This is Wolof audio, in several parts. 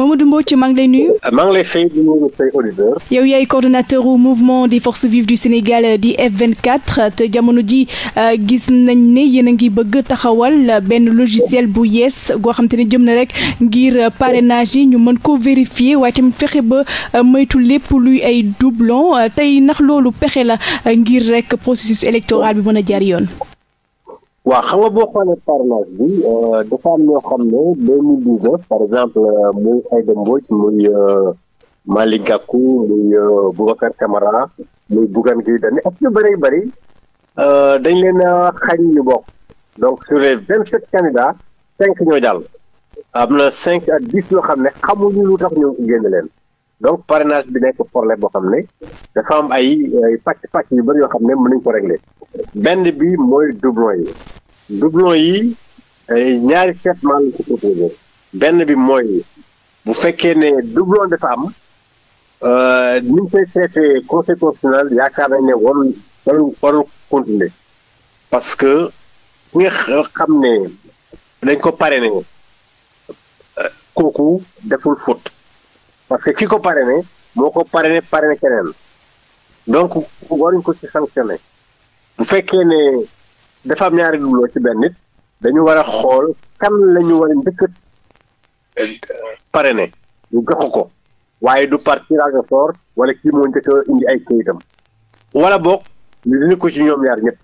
Mamadou Mbodj maa ngi lay ah, ngi lay fay yow yaay coordonnateur wu mouvement des forces vives du Sénégal euh, di F24 te jamono ji euh, gis nañ ne yéen a ngi bëgg taxawal benn logiciel bu yees goo xam ne jëm na rek ngir euh, parrainage ñu mën ko vérifier waaye tamit fexe ba moytu lépp luy ay doublon tey nax loolu pexe la ngir rek processus électoral bi mën a jaar yoon. waaw xam nga boo xoolee parrainage bi euh, dafa am ñoo xam ne deux mille dix-neuf par exemple euh, muy Aïda Mbodj muy euh, Malick Gakou muy Boubacar Camara muy Bougane Gueye Dany ak ñu bëri bëri dañ leen a bokk donc sur les vingt sept candidats cinq am na cinq ak dix yoo xam ne xamuñu lu tax ñu génn leen donc parrainage bi nekk problème boo xam ne dafa am ay pàcc pàcc yu bëri yoo xam ne mënuñ ko régler benn bi mooy doublon yi doublon yi ñaari traitement lañ ko benn bi mooy bu fekkee ne doublon dafa am euh, ni ñu koy traité conseil constitutionnel yaakaar nañ ne warul warul warul continuer parce que ki nga xam ne dañ ko parrainé euh, kooku deful faute parce que ki ko parrainé moo ko parrainé parrainé keneen donc waruñ ko ci sanctionné bu fekkee ne dafa am ñaari dubloo ci benn nit dañu war a xool kan lañu ñu war a njëkk euh, parrainé jox ko waaye du par tirage wala kii moo njëkk indi ay këyitam wala boog ñu dina ko ci ñoom ñaar ñëpp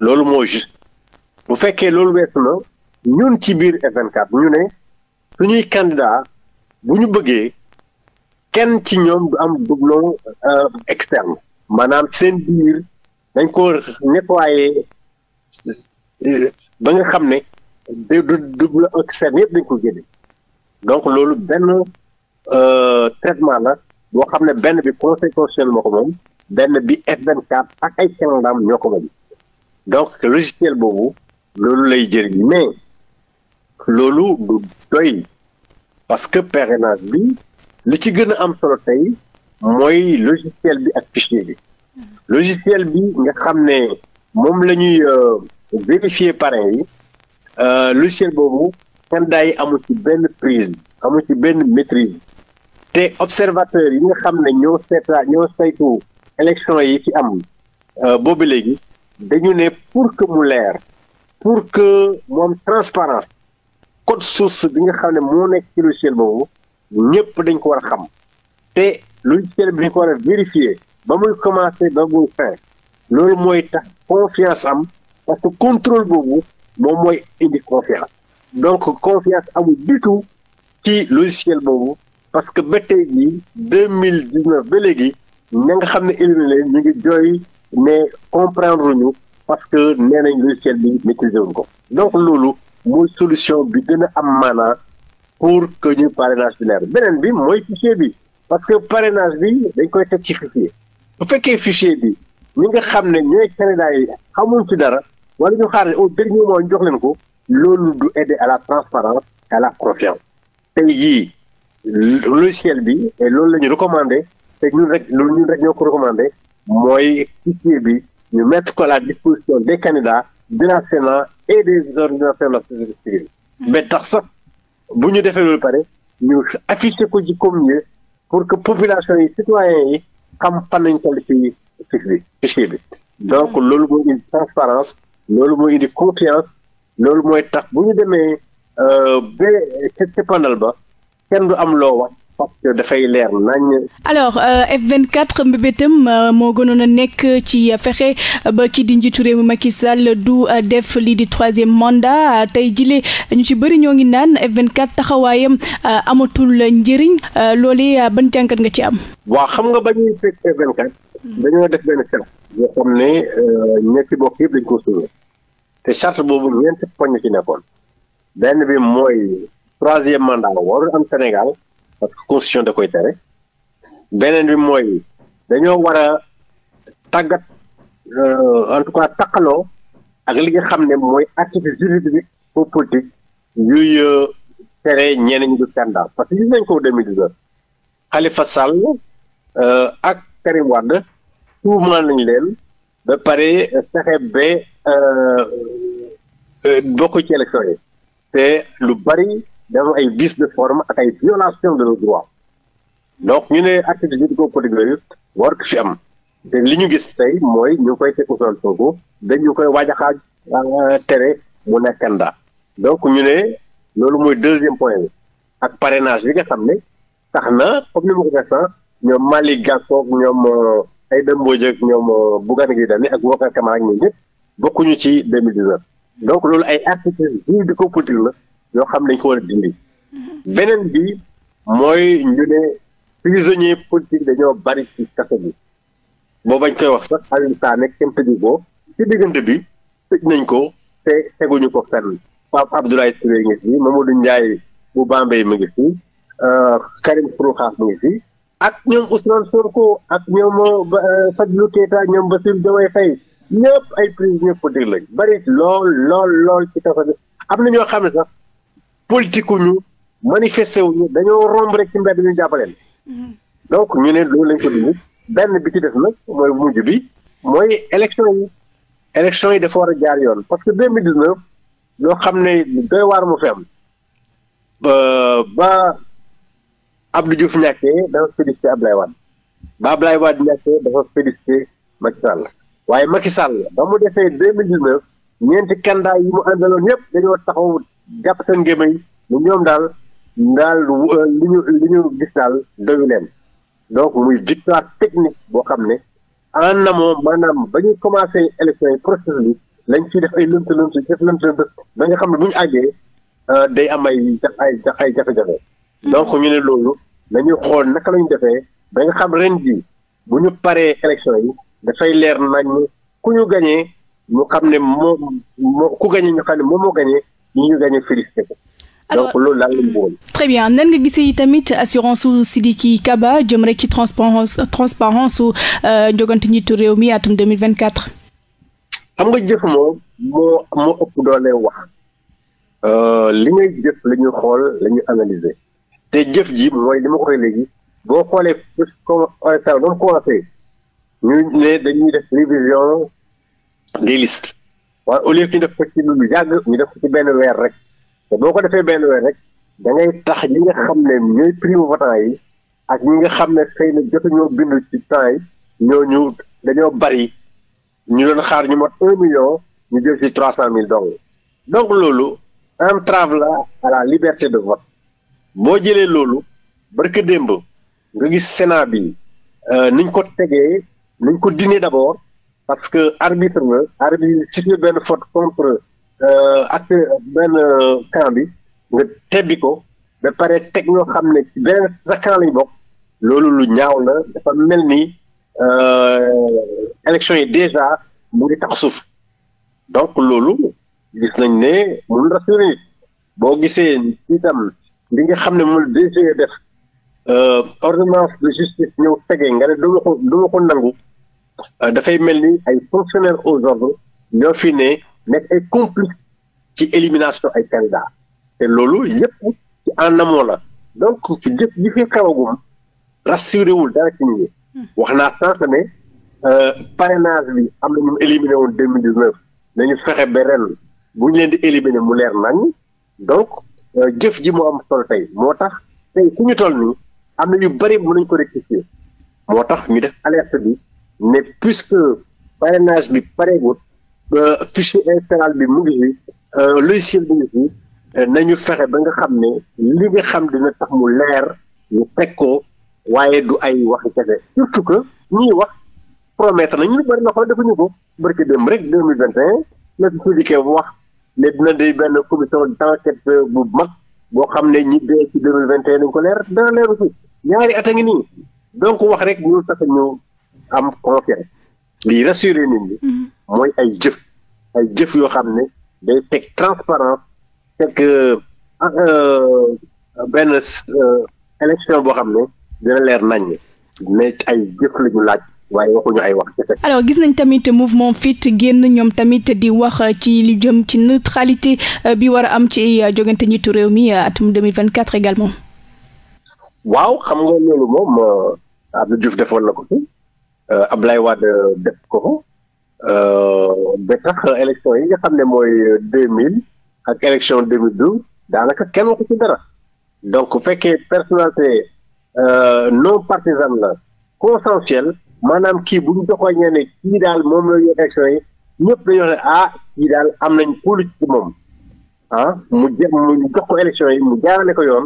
loolu moo juste bu fekkee loolu weesu na ñun ci biir F24 ñu ne suñuy candidat bu ñu bëggee kenn ci ñoom du am doublon euh, externe maanaam seen biir dañ ko nettoyé euh, ba nga xam ne du doublon externe yëpp dañ ko génne donc loolu benn euh, traitement la boo xam ne benn bi conseil constitutionnel moo ko moom benn bi f ak ay canadaam ñoo ko moom donc logiciel boobu loolu lay jëriñ mais loolu du doy parce que parrainage bi li ci gën a am solo tey mooy logiciel bi ak fichier bi logiciel bi nga xam ne moom la ñuy euh, vérifier parrain yi euh, logiciel boobu candidat yi amul ci benn prise amul ci benn maîtrise te observateur yi nga xam ne ñoo seeta ñoo saytu élection yi ci am euh, boobu léegi dañu ne pour que mu leer pour que mu am transparence code source bi nga xam ne moo nekk ci logiciel boobu ñëpp dañ ko war a xam te luy bi dañ ko war a vérifier ba muy commencé ba muy fin loolu mooy tax confiance am parce que contrôle boobu moom mooy indi confiance donc confiance amu du tout ci logiciel boobu parce que ba tey jii mille dix ba léegi ña nga xam ne éliminé ñu ngi jooy mais comprendre ñu parce que nee nañ logiciel bi maîtriser wuñ ko donc loolu mooy solution bi gën am maanaa pour que ñu parrainage bi leer beneen bi mooy fichier bi parce que parrainage bi dañ koy teg ci fichier bu fekkee fichier bi ñi nga xam ne ñooy candidat yi xamuñ ci dara wala ñu xaar ne au dernier moment ñu jox leen ko loolu du aider à la transparence et à la confiance tey jii logiciel bi et loolu la ñu recommandé rek loolu ñun rek ñoo ko recommandé mooy fichier bi ñu mettre ko la disposition des candidats de la Sénat et des organisations de la société civile mais mm-hmm. tax sax bu ñu defee loolu pare ñu affiché ko ci commune pour que population yi citoyens yi xam fan lañ toll ci fichier bi donc mm. loolu moo indi transparence loolu moo indi confiance loolu mooy tax bu ñu demee euh, ba ca cappaandal ba kenn du am loo wax parce que dafay leer nañ. alors euh, F24 mbébétam euh, moo gënoon a nekk ci fexe ba kii di njiitu réew mi Macky Sall du euh, def lii di troisième mandat tey jile dañu ci bëri ñoo ngi naan F24 taxawaayam amatul njëriñ loolee ban jàngat nga ci am. waa xam nga ba ñuy fekk F24. dañoo def benn charte. yoo xam ne ñetti bokk yëpp dañ ko suñu te charte boobu ñeenti poñ ci nekkoon benn bi mooy troisième mandat warul am Sénégal. parce que constitution da koy tere beneen bi mooy dañoo war a tàggat euh, en tout cas takkaloo ak li nga xam ne mooy activité juridique ou politique yuy euh, tere ñeneen ñi du candidat parce que gis nañ ko 2019 Khalifa Sall euh, ak Karim Wade tuumaal nañ leen ba pare fexe ba bokk ci élection yi te lu bari dafa ay vices de forme ak ay violations de nos droits donc ñu ne acte judiciaire yooyu war ko fi am te li ñu gis tey mooy ñu koy teg Ousmane Sonko dañu koy waaj a xaaj euh, tere mu nekk donc ñu ne loolu mooy deuxième point bi ak parrainage bi nga xam ne tax na comme ni mu ko waxee sànq ñoom Malick Gakou ñoom euh, Aïda Mbodj ak ñoom euh, Bougane Gueye Dany ak Boubacar Camara ak ñoom ñëpp bokkuñu ci 2019 donc loolu ay actes judiciaires politique la. yoo xam ne dañ ko war a dindi beneen bi mooy ñu ne prisonnier politique dañoo bari ci kaso bi boo bañ koy wax sax Alioune Sané kenn tëju ko ci diggante bi tëj nañ ko te teguñu ko fenn Pape Abdoulaye Touré ngi fi Mamadou Ndiaye bu Bambey mi ngi fi euh, Karim Xuruxaas mi ngi fi ak ñoom Ousmane Sonko ak ñoom ba euh, Keita ñoom Bassirou Diomaye Faye ñëpp ay prisonniers politiques lañ bari lool lool lool ci kaso bi am na ñoo xam ne sax politique ñu manifesté wuñu dañoo romb rek ci mbedd ñu jàppaleen mm-hmm. donc ñu ne loolu lañ ko dindi benn bi ci def nag mooy mujj bi mooy élection yi élection yi dafa war a jaar yoon parce que deux mille dix neuf xam ne doy waar mu fi am ba Abdou Diouf ñàkkee dafa félicité Ablaye Wade ba Ablaye Wade ñàkkee dafa waaye Macky Sall ba mu defee deux mille dix neuf ñeenti kandidat yi mu àndaloon yëpp dañoo taxaw jàpp seen ngémay lu ñoom daal daal lu euh, ñu li ñu gis daal doyu leen donc muy victoire technique boo xam ne en amont ba ñuy commencé élection yi processus bi lañ ciy def ay lënt lënt def lënt lënt ba nga xam ne bu ñu àggee euh, day am ay ay ay jafe-jafe hmm. donc ñu ne loolu nañuy xool naka lañu defee ba nga xam ren bu ñu paree élection yi dafay leer nañ ku ñu gañee ñu xam ne moo moo ku gañee ñu xam ne moom moo gañee ñi ñu gagné félicité ko. loolu daal lañ bëggoon. très bien nan nga gisee tamit assurance su Sidiki Kaba jëm rek ci transparence transparence su euh, jogante njiitu réew mi atum 2024. xam nga jëf moom moo ëpp doole wax euh, li ngay jëf la ñuy xool lañuy ñuy te jëf ji mooy li ma koy léegi boo xoolee plus comme ba ñu ne dañuy def révision des listes waaye au lieu que ñu def ko ci lu yàgg ñu def ko ci benn weer rek te boo ko defee benn weer rek da ngay tax ñi nga xam ne ñooy primo votant yi ak ñi nga xam ne xëy na jotuñoo bind ci temps yi ñoo ñooñu dañoo bari ñu doon xaar ñu mot un million ñu jël ci trois cent mille dong donc loolu entrave la à la liberté de vote boo jëlee loolu barka démb nga gis Sénat bi euh, niñ ko tegee niñ ko dindi d'abord parce que arbitre la arbitre situé benn faute contre euh, ak euh, benn euh, camp bi nga tebbi ko ba pare teg ñoo xam ne ci beneen sa camp lañ bokk loolu lu ñaaw la dafa mel ni élection yi déjà mu ngi tax suuf donc loolu gis nañ ne mun rassuré nit boo gisee itam li nga xam ne moom la e def ordonnance de justice ñëw tege nga ne du ma ko du nangu Euh, dafay mel ni ay fonctionnaires au ordres ñoo fi ne nekk ay complice ci élimination ay candidats te loolu yëpp ci en la donc ci jëf ji fi xewagum rassuré wul dara ci nit wax naa sànq ne euh, parrainage bi am na ñu éliminé woon deux mille dix neuf nañu fexe ba ren bu ñu leen di éliminé mu leer nañ donc euh, jëf ji moo am solo tey moo tax tey ku ñu toll nii am na yu bëri mu nañu ko rectifier moo tax ñu def alerte bi mais puisque parrainage bi pareegut fichier électoral bi mu ngi fi euh, logiciel bi ngi fi euh, nañu fexe ba nga xam ne li nga xam dina tax mu leer ñu teg ko waaye du ay wax kese surtout que ñuy wax promettre nañu lu bari na ko defuñu ko barke dem rek deux mille vingt et un la publiqué wax ne dina di benn commission d'enquête bu mag boo xam ne ñi dee ci deux mille vingt ko leer dana leer ci ñaari at ngi nii donc wax rek ñu tax ñu am confiance lii rassuré nit mm-hmm. mooy ay jëf ay jëf yoo xam ne day teg transparence teg euh, ah, euh, benn euh, élection boo xam ne dina leer naññ mais ay jëf la laaj waaye waxuñu ay wax. alors gis nañ tamit mouvement fit génn ñoom tamit di wax ci lu jëm ci neutralité bi war a am ci jogante njiitu réew mi atum 2024 également. waaw xam nga loolu moom Abdou Diouf defoon na ko fi Euh, ab lay Wade euh, def ko euh, ba tax élection yi nga xam ne mooy deux mille ak élection deux mille douze daanaka kenn waxu ci dara donc bu fekkee personnalité non partisane la consensuelle maanaam kii bu ñu joxoñee ne kii daal moom la élection yi ñëpp dañoo ne ah kii daal am nañ politique moom ah, mu jë mu jox ko yi mu jaarale ko yoon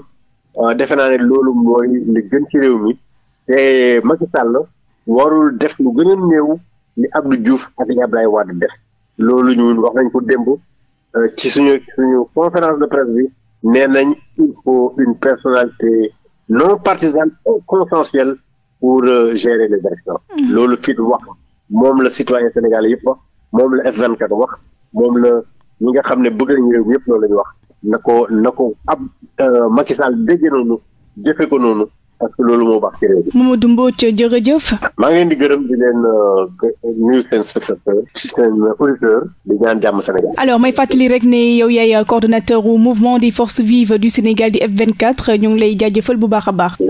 defe naa ne loolu mooy li gën ci réew mi te Macky warul def lu gën a néew li Abdou Diouf ak li Abdoulaye def loolu ñun wax nañ ko démb euh, ci suñu suñu conférence de presse bi nee nañ il faut une personnalité non partisane et consensuelle pour euh, gérer les élections mmh. loolu fit wax moom la citoyen sénégalais yëpp wax moom la F24 wax moom la ñi nga xam ne bëgg nañu réew yëpp loolu ñu wax na ko na ko ab euh, Macky Sall dégg noonu jëfe ko noonu parce que loolu moo baax ci réew mi. Mamadou Mbodj jërëjëf. maa ngi leen di gërëm di leen euh, nuyu seen spectateur seen auditeur di ñaan jàmm Sénégal. alors may fàttali rek ne yow yaay coordonnateur mouvement des forces vives du Sénégal di f ñu ngi lay jaajëfal bu baax a baax.